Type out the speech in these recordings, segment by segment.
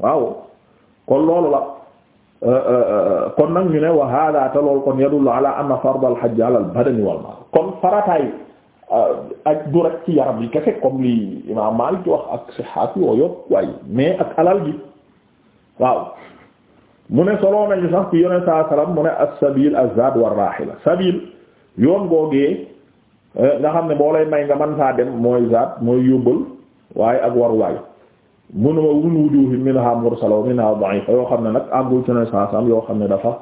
waaw kon loolu la euh, euh, euh, kon nag ñu ne wa hada te loolu kon yadullu ala anna fard al hajj ala al badani wal kon farataay ak du rek ci yaram yi kese comme li imam ci wax ak sihhaat yoo yop waaye mais ak alal ji waaw mu ne soloo nañu sax ci yoneen saa salaam mu ne as-sabil az-zad war rahila sabil yoon googee nga xam ne boo lay may nga mën saa dem mooy zaat mooy yóbbal waaye ak war waay munuma wun wujuuhi minha mursala wa minha da'ifa yoo xam ne nag àggul ci ne saasam yoo xam ne dafa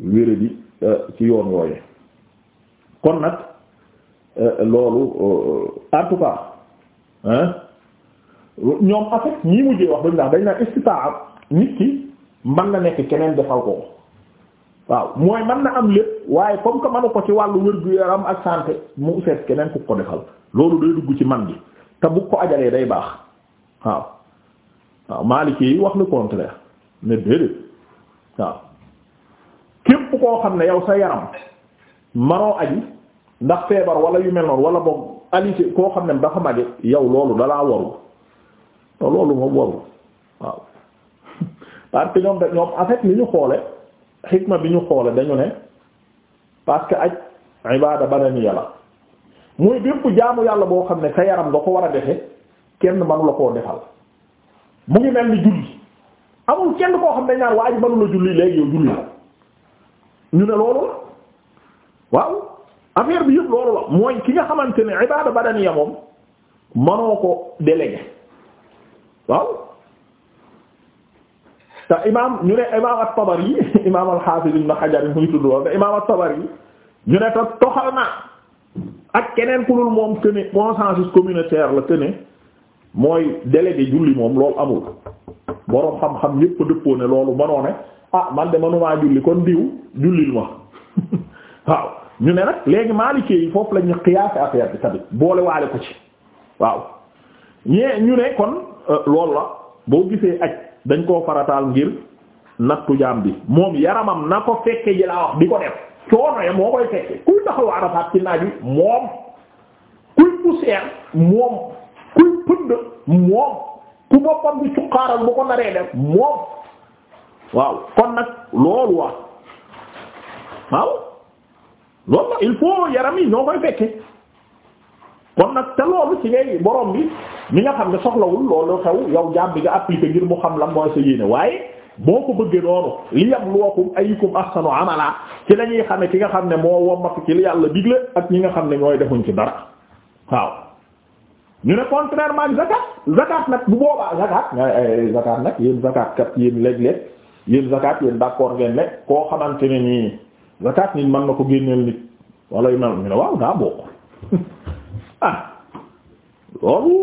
wéradi euh, ci yoon wooyee kon nag euh, loolu euh, en tout cas hein ñoom en ñii mujjee wax bañ ndax dañ naan istitaa nit ki mën na nekk keneen defal ko waaw mooy mën na am lépp waaye comme que mënu ko ci wàllu wér-gu-yaram ak santé mu seet keneen ku ko defal loolu day dugg ci man bi te bu ko ajalee day baax waaw waaw Maliki yi wax le contraire ne déedéet waaw képp koo xam ne yow sa yaram manoo aji ndax feebar wala yu mel noonu wala boog alité koo xam ne dafa mage yow loolu dalaa warul loolu moom warul waaw parce que ñoom da ñoom en fait ñu xoole xikma bi ñu xoole dañu ne parce que aj ibada badani yàlla mooy bépp jaamu yàlla boo xam ne sa yaram nga ko war a defe kenn manu la koo defal mu ngi mel ni julli amul kenn koo xam ne ñaar waa ji mënu la julli léegi yow julli ñu ne loolu la waaw affaire bi yëpp loolu la mooy ki nga xamante ne ibaada badaniya moom manoo ko délégué waaw te ñu ne imaam at-Tabari imaam al-Hafiz ibn Hajar yi muy tudd woon te imaam at yi ñu ne te toxal na ak keneen ku dul moom que ne consensus communautaire la que mooy délégué julli moom loolu amul boroom xam-xam yépp dëppoo ne loolu mënoo ne ah man de manumaa julli kon diw jullil ma waaw ñu ne nag léegi maalikee yi foofu la ñu xiyaase affaire bi tamit boole waale ko ci waaw ñee ñu ne kon euh, loolu la boo gisee aj dañ koo farataal ngir ku jaam bi moom yaramam na ko fekke ji laa wax di ko def coono ya moo koy fekke kuy taxaw Arafat ci naaj wi moom kuy poussière moom kuy pënd moom ku boppam bi suqaaral bu ko naree def moom waaw kon nag loolu waa waaw loolu la il faut yaram yi ñoo koy fekke kon nag te loolu ci ngay borom bi mi nga xam ne soxlawul loolu xew yow jaam bi nga appliqué ngir mu xam la mooy sa yéene waaye boo ko bëggee noonu li yabluwakum ayyukum ahsanu amala ci la xam ne ki nga xam ne moo wommat ci li yàlla digle ak ñi nga xam ne ñooy defuñ ci dara waaw ñu ne contrairement zakat zakat nag bu boobaa zakat nga eh, eh, zakat nag yéen zakat kat yéen léeg-léeg yéen zakat yéen d'accord ngeen ne koo xamante ne nii zakat nit mën na ko génneel nit wala yu mel ñu ne waaw daa bokk ah loolu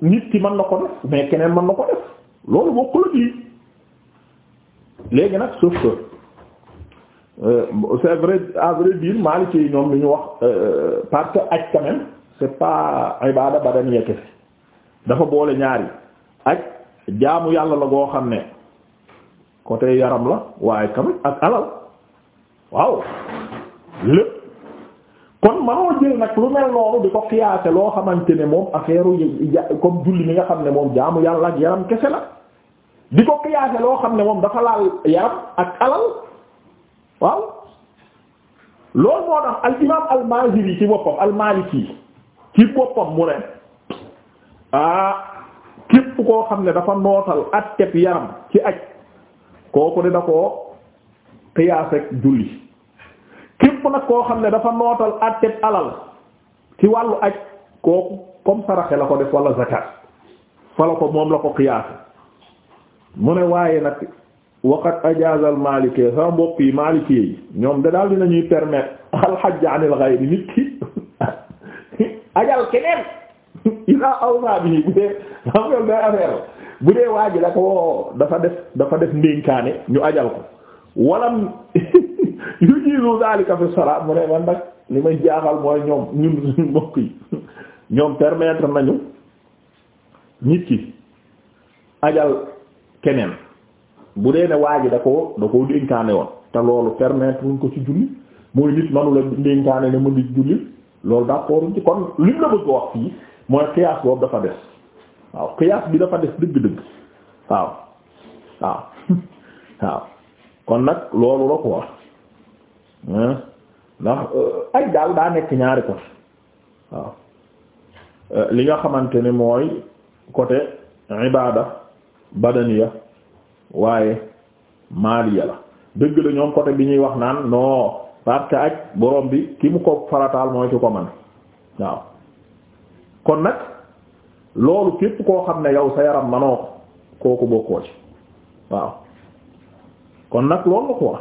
nit ki mën na ko def mais keneen mën na ko def loolu bokkul ak lii nag sauf que euh, c'est vrai vrai dire Maliki ñoom li ñu wax euh, parce que aj quand c'est pas ibada badaniya kese dafa boole ñaari ak jaamu yàlla la goo xam ne côté yaram la waaye tamit ak alal waaw lépp kon manoo jël nag lu mel noonu di ko xiyaase loo xamante ne moom affaire comme julli mi nga xam ne moom jaamu yàlla ak yaram kese la di ko xiyaase loo xam ne moom dafa laal yaram ak alal waaw loolu moo tax al imaam al maaziri ci boppam al maaliki ci boppam mu ne ah képp koo xam ne dafa nootal at teb yaram ci aj kooku dina koo xiyaas ak julli képp nag koo xam ne dafa nootal at alal ci wàllu aj kooku comme saraxe la ko def wala zakat fa la ko moom la ko xiyaas mu ne waaye nag waqat ajaazal maalikee sama mbokk yi maalikee yi ñoom de daal dinañuy permettre al hajj anil ghayri nit ki ajal keneen ila awsa bi bu dee bu dee waa ji la ko dafa def dafa def ndénkaane ñu ajal ko walam yu jiisu zalika fi salaat mu ne nag li may jaaxal mooy ñoom ñun suñu mbokk yi ñoom permettre nañu nit ki ajal keneen bu dee ne waa ji da ko da koo dénkaane woon te loolu permetre wuñ ko ci julli mooy nit manula dénkaane ne mën julli loolu d'accord ci kon li la bëgg wax fii mooy xiyaas boobu dafa des waaw xiyaas bi dafa des dëgg-dëgg waaw waaw waaw kon nag loolu la ko wax ndax euh, ay daal daa nekk ñaari ko waaw euh, li nga xamante ne mooy côté ibada badaniya waaye maaliya la dëgg la ñoom côté bi ñuy wax naan non parce que ak borom bi ki mu ko farataal mooy ki ko man waaw kon nag loolu képp koo xam ne yow sa yaram manoo ko kooku bokkoo ci waaw kon nag loolu la quoi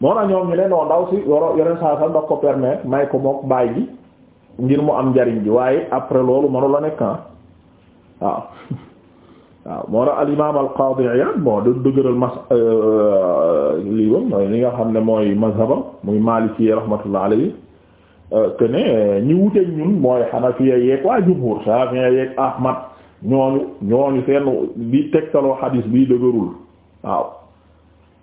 moo na ñoom ñu ne non ndaw si yoro yeneen saa sax ndax ko permettre may ko mook baay gi ngir mu am njariñ bi waaye après loolu manu la ah waaw waaw moo tax al imaam al qaadi Iyaad bon du dëgëral mas euh, lii moom li nga xam ne mooy mazhabam muy Maliki rahmatullah alayhi euh, que ne ñi wuteeg ñun mooy Hanafiya yeeg waa jumhur Shafi'i yeeg Ahmad ñooñu ñooñu seen bi tegtaloo xadiis bi dëgërul waaw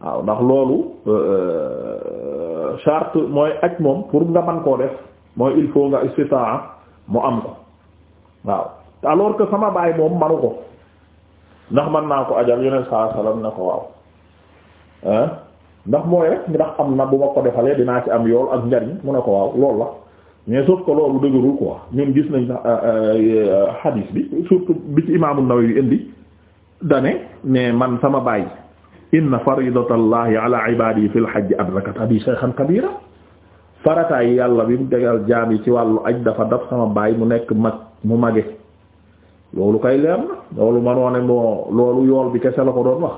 waaw ndax loolu euh, charte mooy aj moom pour nga man koo def mooy il faut nga istitaa mu am ko waaw alors que sama baay moom manu ko. ndax man naa ko ajal yoneen saa salaam ne ko waaw ndax mooy rek ndax am na bu ma ko defalee dinaa ci am yool ak njariñ mu ne ko waaw loolu la mais sauf que loolu dëgërul quoi ñun gis nañ euh, euh, hadith bi surtout bi ci imaamu Nawawi indi dane mais man sama baay inna faridatallahi ala ibadihi fil hajj adrakat abi shaykhan kabira farataay yàlla bi mu degal jaam yi ci wàllu aj dafa daf sama baay mu nekk mag mu mage loolu kay leer na loolu manoo ne loolu yool bi kese la ko doon wax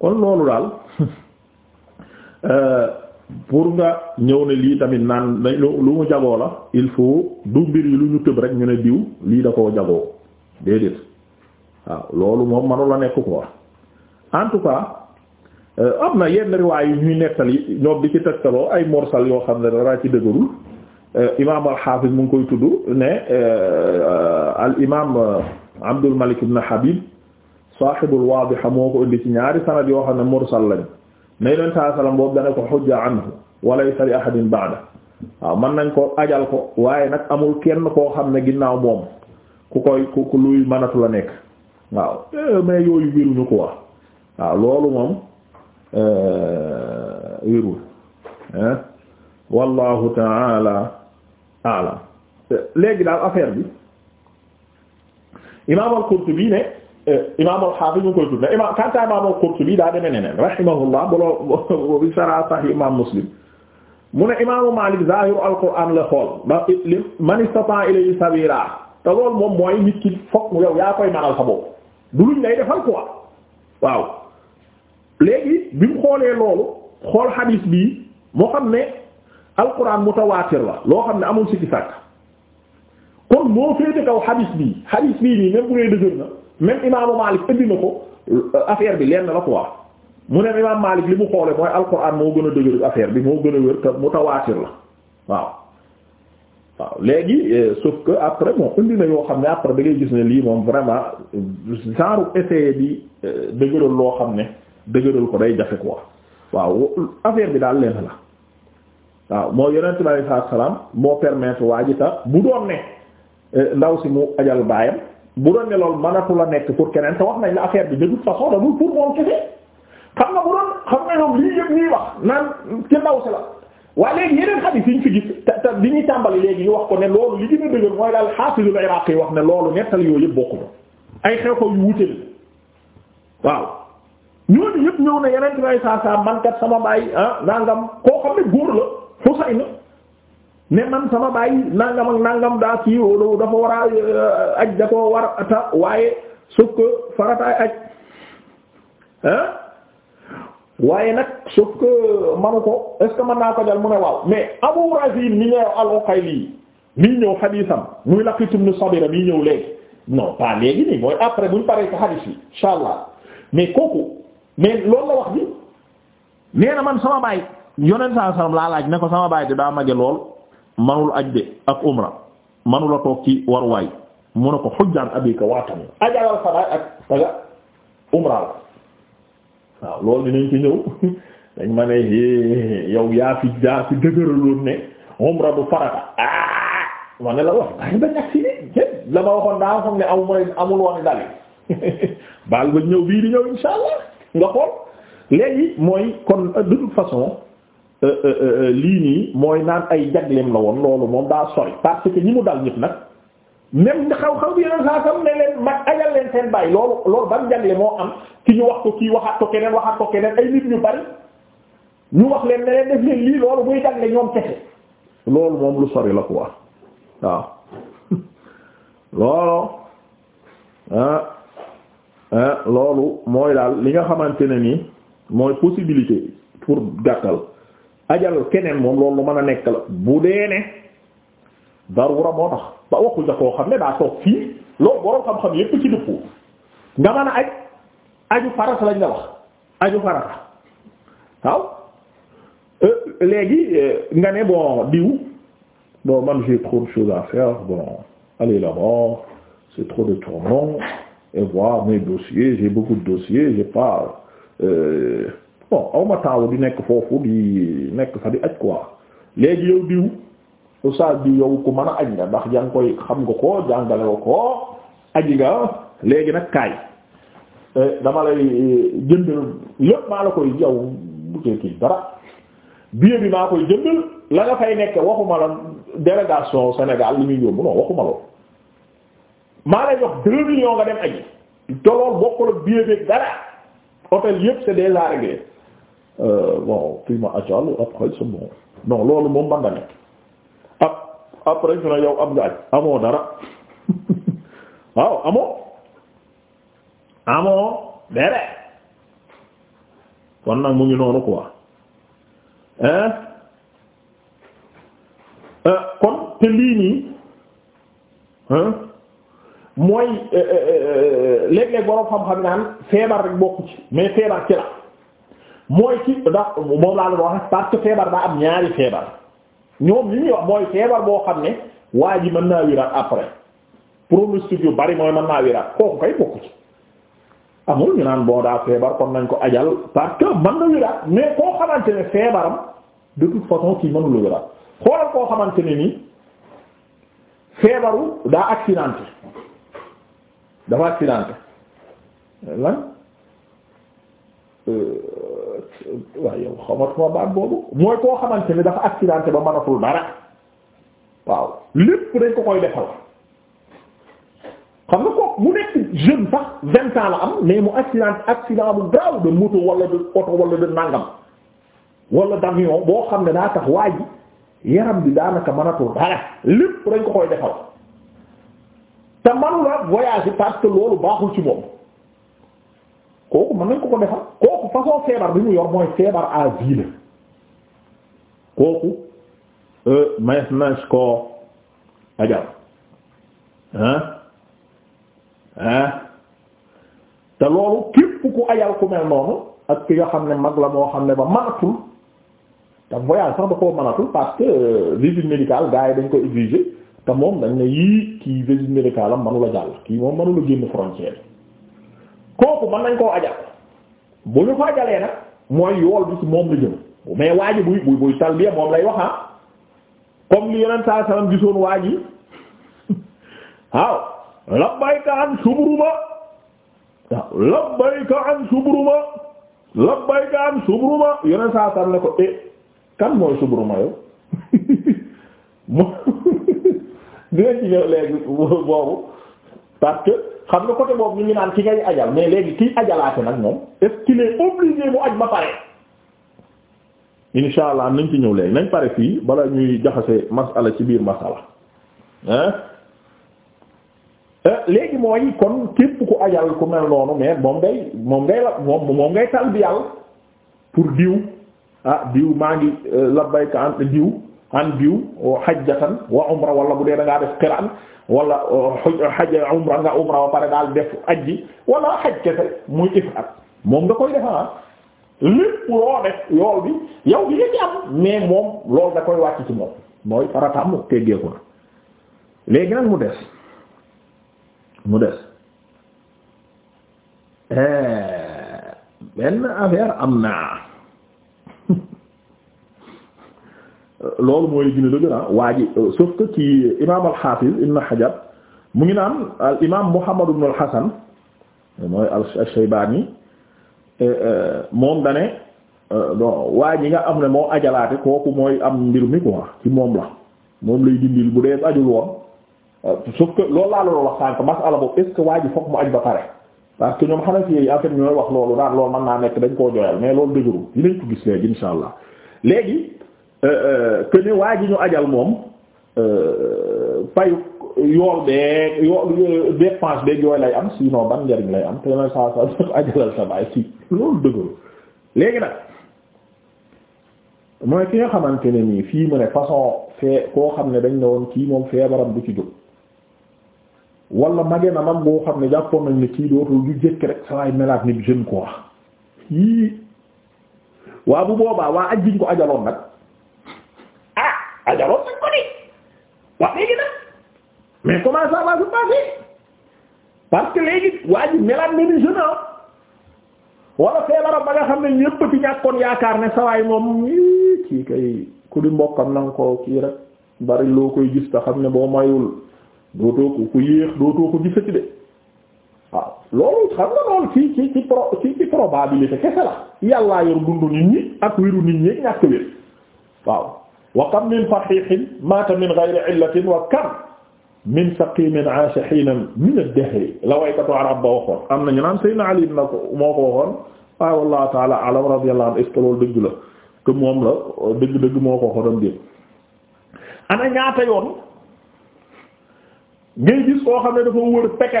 kon loolu daal euh, pour nga ñëw ne lii tamit naan lu mu jagoo la il faut du mbir yi lu ñu tëb rek ñu ne diw lii da koo jagoo déedéet waaw loolu moom manu la nekk quoi en tout cas euh, am na yenn riwaay yu ñuy nettali ñoom bi ci tegtaloo ay morsal yoo xam ne dara ci dëgërul Euh, imaam al-Hafiz ngi koy tudd ne euh, al imaam euh, Abdul Malik ibn Habib saahibul Waadiha moo ko indi ci ñaari sanad yoo xam ne mursal lañ ne Yonent saa sallam boobu dana ko hujja anhu wa laysa li ahadin waaw mën nañ ko ajal ko waaye nag amul kenn koo xam ne ginnaaw moom ku koy ku ku luy mënatu nekk waaw mais yooyu wéruñu ko wax waaw loolu moom wérul wallahu ta'ala ala léegi daal affaire bi imaam al-Qurtubi ne euh, imaam al-Hafiz ñu koy tudd ne imaam kanta imaam al-Qurtubi daa demee neneen rahimahullah baloo bi sara sahih imaam Muslim mu ne imaamu Maalik zaahiru al-Qur'aan la xool ba man istata'a ilayhi sabiila te loolu moom mooy nit ki fokk yow yaa koy manal sa bopp du luñ lay defal quoi waaw léegi bi mu xoolee loolu xool xadiis bii alquran mutawaatir la loo xam ne amul sikki sàkk kon moo féete kaw hadith bi hadith bii nii même bu ngay dëgër na même imaamu Maalik indi na ko euh, affaire bi lenn la ko quoi mu ne imaam Maalik li mu xoole mooy alquran moo gën a dëgër affaire bi moo gën a wér te mutawaatir la waaw waaw léegi euh, sauf que après moom indi na yoo xam ne après da ngay gis ne lii moom vraiment euh, genre essayé bi dëgëral loo xam ne dëgëral ko day jafe quoi waaw affaire bi daal lenn la waaw moo yonent bi alayhi salaatu moo permettre waa ji ta bu doon ne eh, ndaw si mu ajal baayam bu doon ne loolu la nekk pour keneen te wax nañ la affaire bi de toute façon dañu pour moom kese xam nga bu doon xam nga ñoom lii yëpp ñuy wax naan ci ndaw si la waaye léegi yeneen xadiis yi ñu fi gis te te li ñuy tàmbali léegi ñu wax ko ne loolu li gën a dëgër mooy daal Xaafizul Iraaqi wax ne loolu nettal yooyu yëpp bokkuñu ay xew-xew yu wute waaw ñooñu yëpp ñëw na yeneen ci may sama baay ah nangam Xusayna ne man sama bàyyi nangam nangam daa kii wala dafa war a euh, aj da koo war a ta waaye sauf farataay aj ah waaye nag sauf que manu ko est ce que naa ko jal mu ne waaw mais Abu Razin mi ñëw al-Uqayli mii ñëw xadiisam muy Laqiit ibn Sabira mii ñëw léegi non pas léegi nii mooy après buñ paree ko xadiis yi insha allah mais kooku mais loolu la wax bi nee man sama baay yonent saa salaam laa laaj ne ko sama baay de daa mage lool manul aj de ak umra manula toog ci waruwaay mu ne ko xujjaan abika waatami ajalal ak saga loolu dinañ yow yaa fi yaa fi dëgëraloon umra du farata ah ma ne la wax daa xam ne aw mooy amul woon baal ba ñëw bii di ñëw insha allah nga xool léegi mooy kon de toute façon Euh, euh, euh, lii nii mooy naan ay jagleem la woon loolu moom daa sori parce que ñi mu dal ñëpp nag même xaw-xaw bi yeneen saa sam ne leen mag ajal leen seen bàyyi loolu loolu ban jagle moo am ci ñu wax ko kii waxaat ko keneen waxaat ko keneen ay nit ñu bari ñu wax leen ne leen def leen lii loolu muy jagle ñoom kese loolu moom lu sori la ko wax waaw loolu ah ah loolu mooy daal li nga xamante ne nii mooy possibilité pour gàttal ajal keneen moom loolu lu mën a nekk la bu dee ne darura tax ba waxul da koo xam ne daa toog fii loolu borom xam-xam yépp ci dëppoo nga mën a aj aju farata lañ la wax aju farata waaw euh, léegi euh, nga ne bon diw bon man j'ai trop de choses à faire voir mes dossiers j'ai beaucoup de dossiers j'ai pas euh, bon aw taawu di nekk foofu di nekk fa di aj quoi léegi yow diw oustaz diw yow ku mën a aj nga ndax yaa ngi koy xam nga ko jàngale nga aji nga léegi nag kaay eh, dama lay eh, jëndal lépp maa la koy yow bu kii dara billet bi maa koy jëndal la nga fay nekk waxuma la délégation Sénégal li muy yóbbu non waxuma lool maa lay jox deux millions nga dem aji te bokkul ak billet bi dara hôtel yépp c'est déjà réglé bon euh, fii ma ajal après c'est bon non loolu moom man nga nekk ab après ñu ne yow amoo dara waaw amoo amoo dere kon nag mu ngi noonu quoi hein euh, kon te lii nii hein mooy euh, léeg-léeg borom xam-xam naan feebar rek bokku ci mais mooy ci ndax moom laa doon wax parce feebar daa am ñaari feebar ñoom li ñuy mooy feebar boo xam ne waa ji mën naa wéraat après pronostic yu bari mooy mën naa wéraat kooku kay bokk ci amul ñu naan boo daa feebar kon nañ ko ajal parce que mën na wéraat mais koo xamante ne feebaram de toute façon kii mënula wéraat xoolal koo xamante ne nii feebaru daa accidenté dafa accidenté lan euh, waaye yow xamatuma baat boobu mooy koo xamante ni dafa accidenté ba mënatul dara waaw lépp dañ ko koy defal xam nga ko mu nekk jeune sax vingt ans la am mais mu accident accident bu grave de moto wala de oto wala de nangam wala d'avion boo xam ne daa tax waa ji yaram bi daanaka mënatul dara lépp dañ ko koy defal te manula voyager parce que loolu baaxul ci moom kooku mën nañ ko ko defal kooku façon feebar bi mu yor mooy feebar à vie la kooku euh, maes nas ko ajal ah ah te loolu képp ku ajal ku mel noonu ak ki nga xam ne mag la moo xam ne ba manatul te voyage sax da koo manatul parce que euh, visite médicale gars yi dañ ko exiger te moom dañ ne yii kii visite médicale am manu jàll kii moom manu génn frontière kooku man nañ koo ajal bu ñu ko ajalee nag mooy yool bi ci moom la jëm mais waa buy buy talbiya moom lay waxa ah comme li yeneen saa salaam gisoon waa ji waaw labbayka an subruma waaw labbayka an subruma labbayka an subruma yeneen saa salaam ne ko eh kan mooy subruma yow moom dinañ ci ñëw léegi boobu parce xam nga côté boobu ñu ngi naan ki ngay ajal mais léegi kiy ajalaate nag moom est-ce qu'il est mu aj ba pare insha allah nañ ci ñëw léegi nañ pare fii bala ñuy jaxase masala ci biir masala hein eh, léegi mooy kon képp ku ajal ku mel noonu mais moom ngay moom ngay la moom moom ngay talbiyal pour diw ah diw maa ngi euh, labbayka ant diw an biw hajjatan wa umra wala bu dee dangaa def xiraan wala hajj umra nga umra ba pare daal def ajji muy ifraat moom nga koy defaa ah. lépp loo def yool bi yow bi nga ci am mais moom loolu da koy wàcc ci moom mooy farataam teggeeku na léegi nag mu des mu des eh, benn affaire am naa loolu mooy gën a dëgër ah waa ji euh, sauf que ci imaam al-Hafiz Ibn Hajar mu ngi naan al imaam Muhammad ibn al-Hasan mooy al-Shaybani euh, euh, moom dane bon waa ji nga am ne moo ajalaate kooku mooy am mbir mi quoi ci moom la moom lay dindil bu dee ajul woon sauf que loolu laa loolu wax sànk masala boobu est waa ji fokk mu aj ba pare parce que ñoom xanaa fi en ñooy wax loolu daan loolu mën naa nekk dañ koo joyal mais loolu dëgërul dinañ ko gis léegi insha allah léegi Euh, euh, que ne waa ji ñu ajal moom payu euh, yool beeg yool dépense beeg yooyu lay am sinon ban njariñ lay am te na saa saa ajalal sa baay si loolu dëgëru léegi nag mooy ki nga xamante ne nii fii mu ne façon fee koo xam ne dañ ne woon kii moom feebaram du ci jóg wala mage na mag boo xam ne jàppoon nañ ne kii dootul du jëkk rek saa yi melaat ni jeune quoi yii waa bu boobaa waa aj biñ ko ajaloon nag. ajaloon nañ ko ni wax léegi waa ji melaat na ni jeune ah. wala feebaram ba nga xam ne ñépp ci ñàkkoon yaakaar ne sawaay moom kii kay ku di mbokkam nanga ko kii rek bari loo koy gis te xam ne boo mayul dootoo ko ku yéex dootoo ko gisati de waaw loolu xam nga loolu ci ci ci pro ci ci probabilité kese yor dundu nit ñi ak wéru nit ñi ñàkk wér waaw wa kam min fahihin mata min ghayri illatin wa kam min saqimin aasha hiinan min ad-dahri la waykatu arab ba waxoon am nañu naan Seydina Ali na ko moo ko waxoon waaye wallahu taala alam radiyallahu anhu est-ce que loolu dëgg la que moom la dëgg-dëgg moo ko waxoon dém ana koo xam ne dafa wër peke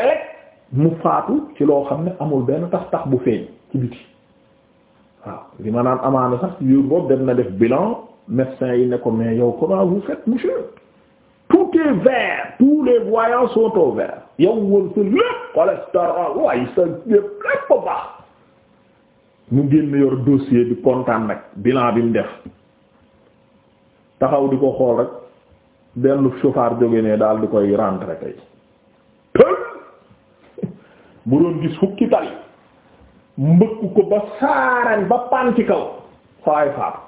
ci loo xam ne amul benn bu feeñ naan amaana sax ci yóor boobu dem na def bilan médecin yi ne ko mais yow comment vous faites monsieur tout est vert tous les voyants sont vert yow woon sa lépp cholestérol waaye sa lépp lépp baax mu génn yor dossier bi kontaan nag bilan bi mu def taxaw di ko xool rek benn chauffeur jóge ne daal di koy rentrer tey bu doon gis fukki tali mbëkk ko ba saarañ ba pan ci kaw sawaay faatu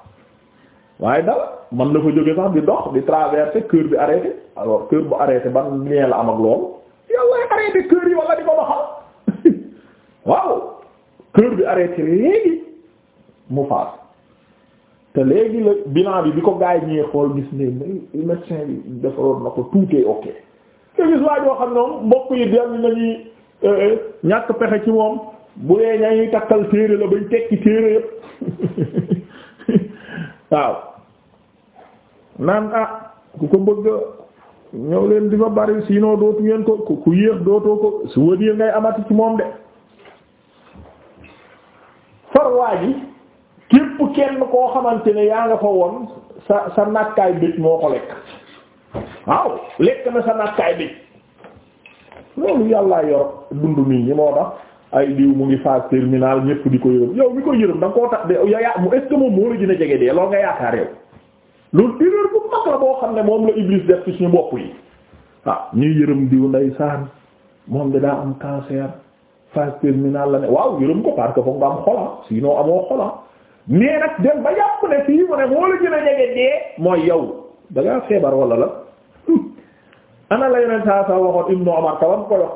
waaye dara man na fa jóge sax di dox di traverser cœur bi arrêté alors kër bu arrêté ban lien la am ak loolu yow lay arrêté cœur yi wala di ko doxal waaw cœur bi arrêté léegi mu faas te léegi la bilan bi bi ko gaay xool gis ne may médecin bi na ko tuutee ok te gis waa joo xam noonu mbokk yi dellu nañuy euh, euh, ñàkk pexe ci moom bu dee ñañuy takkal téere la bañ tekki téere yépp waaw naan ah ku ko bëgg ñëw leen di fa bari sinon dootu ngeen ko ku yéex dootoo ko su wënee ngay amati ci moom de farwaa ji képp kenn koo xamante ne yaa nga fa woon sa sa nakkaay bëj moo ko lekk waaw lekk na sa nakkaay bëj loolu yàllaa yor dund nit ñi moo tax ay diw mu ngi phase terminale ñëpp di ko yërëm yow mi ko yërëm da nga koo tax de yaa mu est moom moo la gën a jege dee loolu nga yaakaar yow loolu erreur bu mag la boo xam ne moom la Iblis def ci suñu bopp yi waaw ah, ñuy yërëm diw nday saan moom da daa am cancer phase terminale la ne waaw yërëm ko parce que foog nga am xola ah, sinon amoo xola ah. mais nag dem ba yàpp ne fii mu ne moo la gën a jege dee mooy yow da ngaa feebar wala la ana la saa saa waxoon Ibnu Umar tawam ko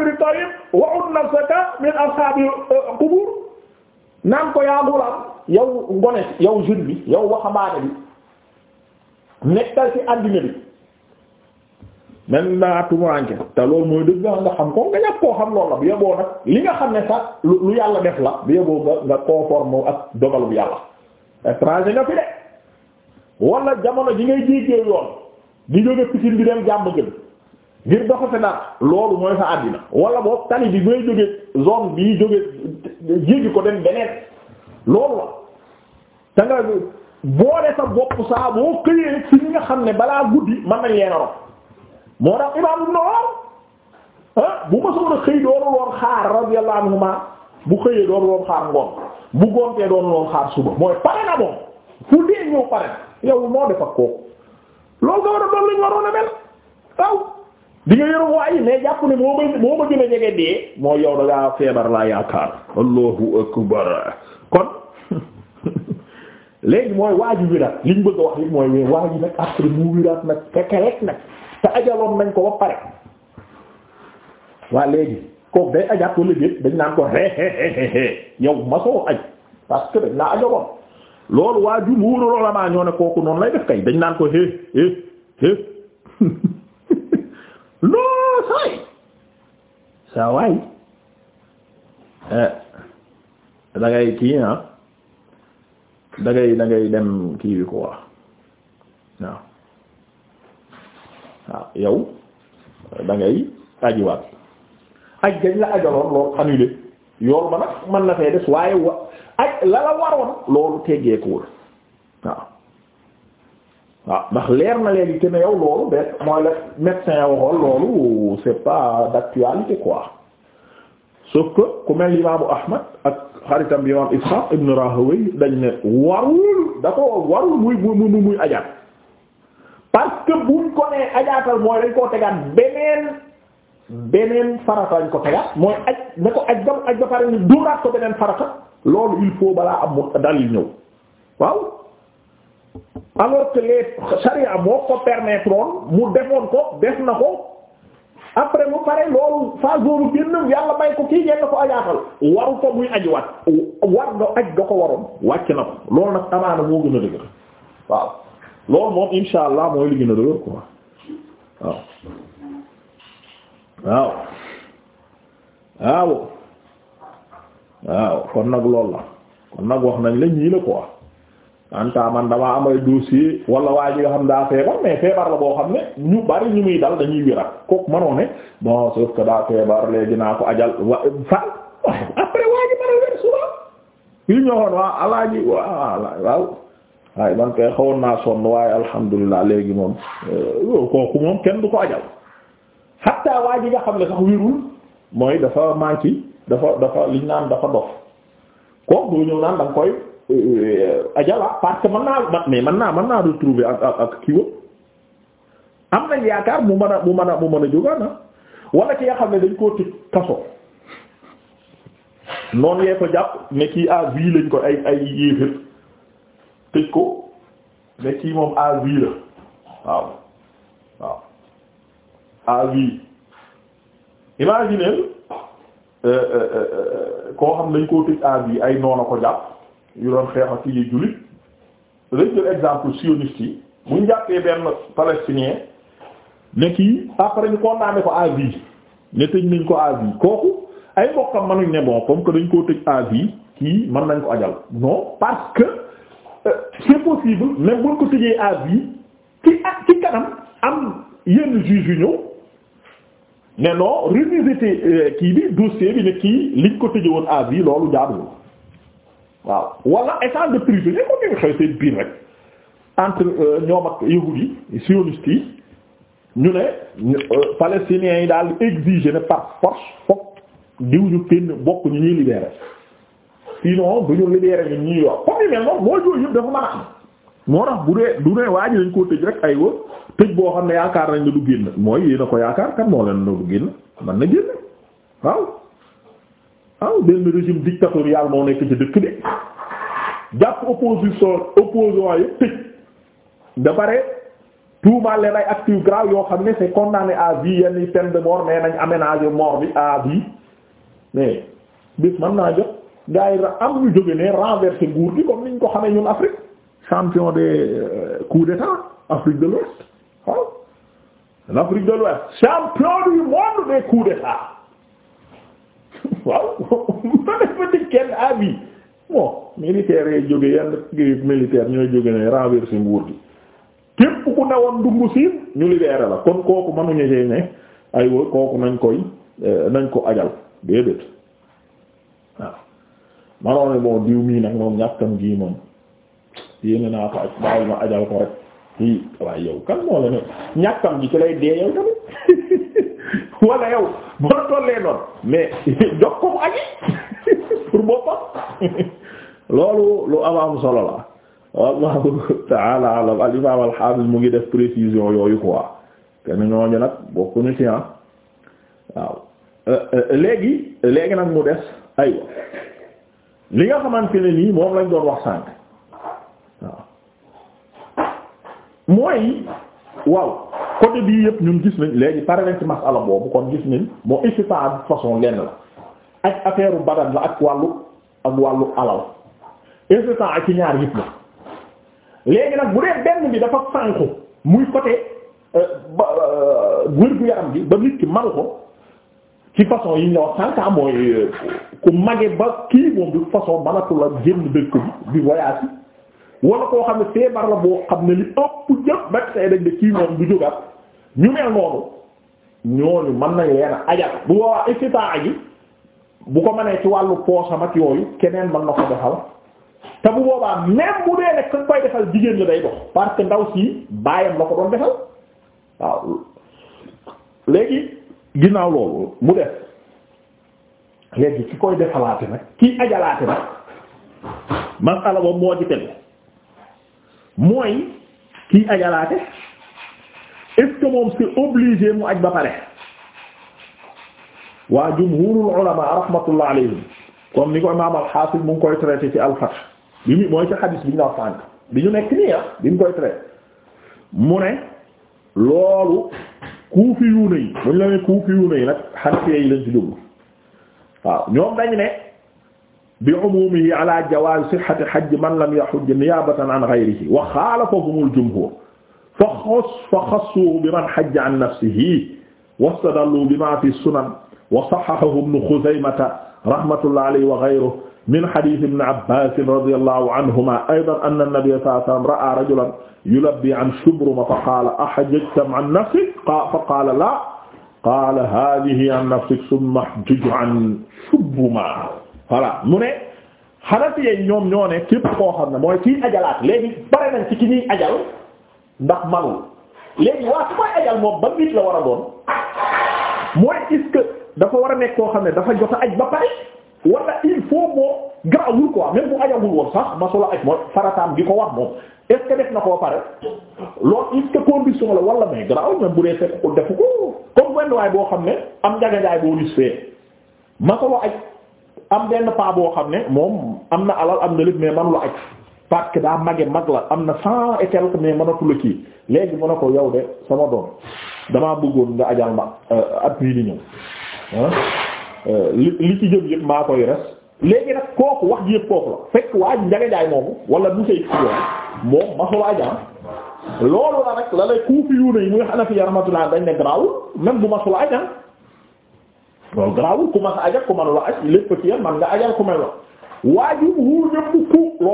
xayri tariq wa'ud nafsaka min ashaabil qubur naan ko yaa gulaam yow ngone yow jeune bi yow waxambaane bi nekkal ci àddina bi mel naa tumuranke te loolu mooy dëgg nga xam ko nga ñàkk koo xam loolu la bu yeboo nag li nga xam ne sax lu yàlla def la bu yeboo nga nga conforme ak dogalu yàlla étranger nga fi de wala jamono ji ngay jéggee yoon di jóge Pikine di dem jàmm gën ngir dox fi loolu mooy sa àddina wala boobu tali bi ngay jóge zone bii jóge jéggi ko dem beneen loolu la te nga boole sa bopp saa boo këyee ci ñi nga xam ne balaa guddi mën nañ leen moo tax imaam Ibn ah, bu ma soog a xëy doonu loon xaar radiyallahu bu xëyee doonu loon xaar ngoon bu gontee doonu loon xaar suba mooy pare na moom fu dee ñëw pare yow moo def kooku loolu nga war a doon lañu waroon a mel waaw di nga yërëm waaye mais jàpp ne moo ma moo ma gën a jege dee moo yow da feebar laa yaakaar allahu akbar kon léegi mooy waaji wiraat liñ bëgg a wax li mooy we waaji nag après mu wiraat nag fekke rek nag te ajaloon nañ ko ba pare waa léegi kooku day ajaat wala déet dañ naan ko xeexeexeexee yow masoo aj parce que dañ laa ajaloon loolu waa jumhuur ulamaa ñoo ne kooku lay def kay dañ naan ko xé xé xé non saay saa waay eh, da kii ah da dangay da ngay dem kii bi quoi waaw waaw yow da ajiwaat aj gañ la ajaloon loolu annulé yool ba nag man na fee des waaye wa aj la waroon loolu teggeekuwul waaw waaw ndax leer na léegi que yow loolu benn mooy la médecin waxoon loolu c'est pas d'actualité quoi sauf que ku mel imaamu Ahmad ak xaritam bi imam ibn Rahawayh dañ ne warul da ko warul muy muy ajaat parce que buñ ko nee ajaatal mooy dañ koo tegaat beneen beneen farata lañ ko tegaat mooy aj ne ko aj ba aj ba pare ni dóoraat ko beneen farata loolu il faut balaa am mu dalil ñëw waaw. alors que les moo ko mu defoon ko def na ko après mu pare loolu phase boobu génn yàlla may ko kii ngeen na ko ajaatal waru ko muy ajiwaat war nga aj da ko waroon wàcc na ko loolu nag amaana moo gën a dëgër waaw loolu moom insha allah mooy li gën dëgër quoi waaw waaw waaw waaw kon nag loolu la kon nag wax nañ la ñii la quoi anta man damaa am ay dossier wala waa ji nga xam daa feebar mais feebar la boo xam ne ñu bari ñu muy dal dañuy wérat kooku mënoo ne bon sauf daa feebar léegi naa ko ajal wa a wér waaw waaye man kay xawoon naa sonn waaye alhamdulilah léegi moom euh, kooku moom kenn du ko ajal xatta waa ji nga xam ne sax wérul mooy dafa manqué dafa dafa liñ naan dafa dof kooku du ñëw naan danga koy Euh, ajala parce que man naa mais mën naa mën naa retrouver ak ak am nañ yaakaar mu mën a mu mën a mu mën a jógaan na ah. ki nga xam ne dañ koo tëj kaso noonu yee ko jàpp ne kii à lañ ko ay ay yéefér tëj ko ne moom à vie la waaw waaw à vie imaginez euh, euh, koo xam dañ koo tëj à vie ay noon ko jàpp yu doon xeex ak yi jullit dañ exemple sioniste yi buñ jàppee benn palestinien ne kii après ñu condamné ko à vie ne tëj nañ ko à vie kooku ay mbokkam manuñ ne bon comme que dañ koo tëj à vie kii mën nañ ko ajal non parce que euh, c'est possible même buñ ko tëjee à vie ci ak ci kanam am yenn juge yu ñëw ne non revisiter euh, kii bi dossier bi ne kii liñ ko tëjee woon à vie loolu jaaduwul waaw wala échange de prisonniers ko ngeen xew seen biir rek entre euh, ñoom ñu ne euh, palestiniens yi daal exiger ne par force fokk diw ñu kenn bokk ñu ñuy libéré sinon du ñu libéré ñu ñuy wax comme ni mel noonu mooy jooy yëpp dafa mën a am moo tax bu dee du ne waa ji koo tëj rek ay wa tëj boo xam ne yaakaar nañ ne du génn mooy yéen a ko yaakaar kan moo leen ne du génn mën na génn waaw ah benn régime dictatorial moo nekk ci dëkk de jàpp opposition opposant tëj da pare tuumaal leen ay actes yu yoo xam ne c'est condamné à vie yenn peine de mort mais nañ aménagé bi à vie mais bis mën naa jot gars am ñu jóge ne renversé nguur gi comme niñ ko xame ñun Afrique champion des euh, coups d'état Afrique de l'Ouest waaw de l'Ouest champion du monde d'état waaw ma ne ma dig jóge yenn militaire ñooy jóge ne renverser nguur gi képp ku newoon dungu siin ñu libéré la kon kooku mënuñu see koy eh, nañ ko ajal déedéet waaw manoon ne diw mii nag moom ñàkkam gii moom yéene naa ko aj bàyyi ma ajal ko rek i waaye yow kan moo la ne ñàkkam gi ci lay dee yow tamit wala yow boo la tollee noonu mais jox ko mu aji pour boppam loolu lu am am solo la wallahu ta'ala alam al imam mu ngi def précision yooyu quoi kenn ñooñu nag bokku ñu ci ah waaw euh, euh, léegi léegi nag mu des aywa li nga xamante ne nii moom lañ doon wax sànk waaw mooy waaw côté bii yëpp ñun gis nañ léegi pare nañ ci masala boobu kon gis nañ moo istitaa façon lenn la ak affaire badan la ak wàllu ak wàllu alal istitaa ak ci ñaar yëpp la léegi nag bu dee benn bi dafa sànku muy côté euh, ba euh, gu yaram bi ba nit ki ko ci façon yi ñu la wax sànka ah mooy euh, ku mage ba kii moom façon mënatu la génn dëkk bi di voyage wala koo xam ne feebar la boo xam ne li ëpp jëpp ba tey dañ de kii moom du jógaat ñu mel noonu ñooñu mën nañ leen a ajal bu boobaa istitaa ji bu ko mënee ci wàllu poosam ak yooyu keneen mën na ko defal te bu boobaa même bu dee nekk nga koy defal jigéen la day dox parce ndaw si baayam la ko doon defal waaw léegi ginnaaw loolu mu def léegi ki koy defalaate nag ki ajalaate nag masala moo ci tegu mooy ki ajalaate. est-ce que moom c'est obligé mu aj ba pare waa jumhurul ulama rahmatullah alayhim comme ni ko imaam al-Hafiz mu ngi koy traité ci al-Fath bi mu mooy ci xadis bi ñu la sànk bi ñu nekk nii ah bi ñu koy traité mu ne loolu kuufi yuuna yi bu ñu la ne kuufi yuuna yi nag Hanafi yi lañ ci jublu waaw ñoom dañ ne bi umumihi ala jawaaz sihhati hajj man lam yahujj niyaabatan an ghayrihi wa xaalafahumul jumhur fa xos fa xassuhu bi man hajja an nafsihi wastadallu bima fi sunan wa sahhahahu ibnu Khuzaymata rahmatullahi alayhi wa ghayruhu min hadith ibn Abbas radiyallahu anhuma aydan anna nabiyya sallallahu alayhi wa sallam ra'a rajulan yulabbi an shubruma fa qala ahajjajta an nafsik fa qala la qala hadhihi an nafsik thumma ihjuj an shubruma voilà mu ne Hanafiya ñoom ñoo ne képp koo xam ne mooy kii ajalaat léegi bare nañ ci ki ñuy ajal ndax manul léegi waa su koy ajal moom ba nit la war a doon mooy est dafa war a nekk koo xam ne dafa jot aj ba pare wala il faut boo garawul quoi bu ajagul woon sax masula aj mooy gi ko wax moom est def na koo pare loolu est-ce condition la wala mais garaw même bu dee fekk ko defu ko comme wenn waay boo xam ne am njaganjaay boo lis fee masula aj am benn paa boo xam ne moom am na alal am na lépp mais manula aj parce que daa mage mag la am na cent et quelque mais mënatu la kii léegi mën na ko yow de sama doom damaa bëggoon nga ajal ma euh, at mii di ñëw euh, li li ci jëm yëpp maa koy res léegi nag kooku wax ji yëpp kooku la fekk waa njaga jaay moomu wala bu say yoon moom masul ajam loolu la rek la lay kuufi yuuna yi muy Hanafi rahmatullah dañ ne grawul même bu masul ajam loolu grawul ku mas ajal ku manula aj lépp ci yam man nga ajal ku mel la waajur wu ñëpp ku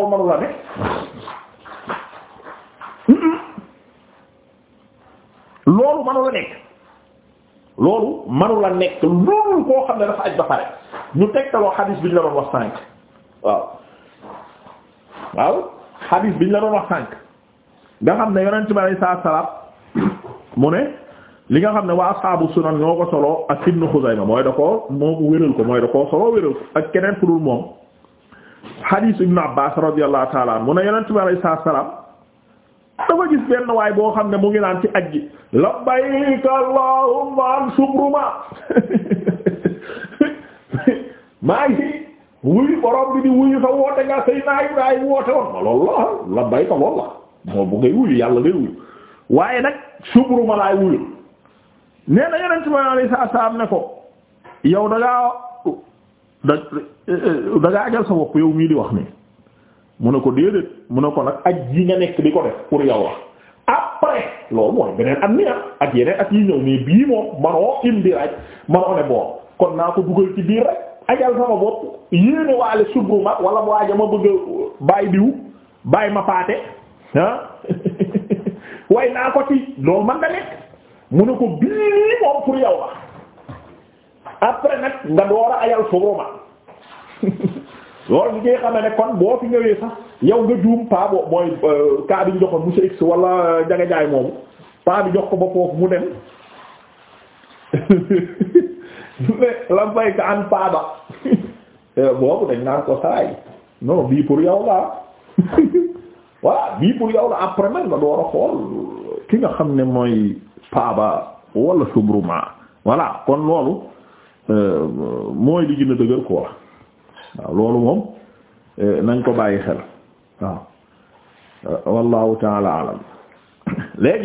loolu manu la loolu manu nekk loolu manu nekk loolu koo xam ne dafa aj ba pare ñu tegtaloo xadiis bi ñu la doon wax sànk waaw waaw xadiis bi ñu la doon wax sànk nga xam ne yonent bi alayhi salaatu salaam mu ne li nga xam ne waa asxaabu sunan ñoo ko solo ak Ibnu Xuzayma mooy da koo moo wéral ko mooy da solo wéral ko ak keneen ku moom hadith ibn abbas radiyallahu ta'ala an mu ne yonent bi alayhi salaam dafa gis benn waay boo xam ne mu ngi naan ci aj gi labbayka allahumma an subruma maa ngi wuyu borom bi di wuyu sa woote nga Seydina Ibrahima woote woon ma loolu la labbayka loolu la moom bu ngay wuyu yàlla ngay wuyu waaye nag subruma laay wuyu nee na yonent bi alayhi salaam ne ko yow da da eh, eh, da ajal sa bopp yow mii di wax nii mu ne ko déedéet mu ne ko nag aj yi nga nekk di ko def pour yow la après loolu mooy beneen at mi ah, ak yeneen at yi ñëw mais bii moom manoo indi laaj manoo ne bon kon naa ko dugal ci biir rek ajal sama bopp yéene waale subru ma wala mu waaja bëgg a bàyyi diw ma paate ah way naa ko ci loolu man da nekk mu ne ko bii moom pour yow la après nag nga door a ayal suruma loolu ñu ngi xamee ne kon boo fi ñëwee sax yow nga juum paa boobu mooy kaa euh, bi ñu joxoon monsieur X wala Njaga Njaay moomu paa bi jox ko ba foofu mu dem la fay ka an paa ba euh, boobu dañ naan ko saay non bii pour yow la voilà bii pour yow la après nag nga door xool ki nga xam ne mooy paa ba wala subruma voilà kon loolu. mooy li gën a dëgër quoi waaw loolu moom eh, nañ ko bàyyi xel waaw eh, wallahu taala alam léegi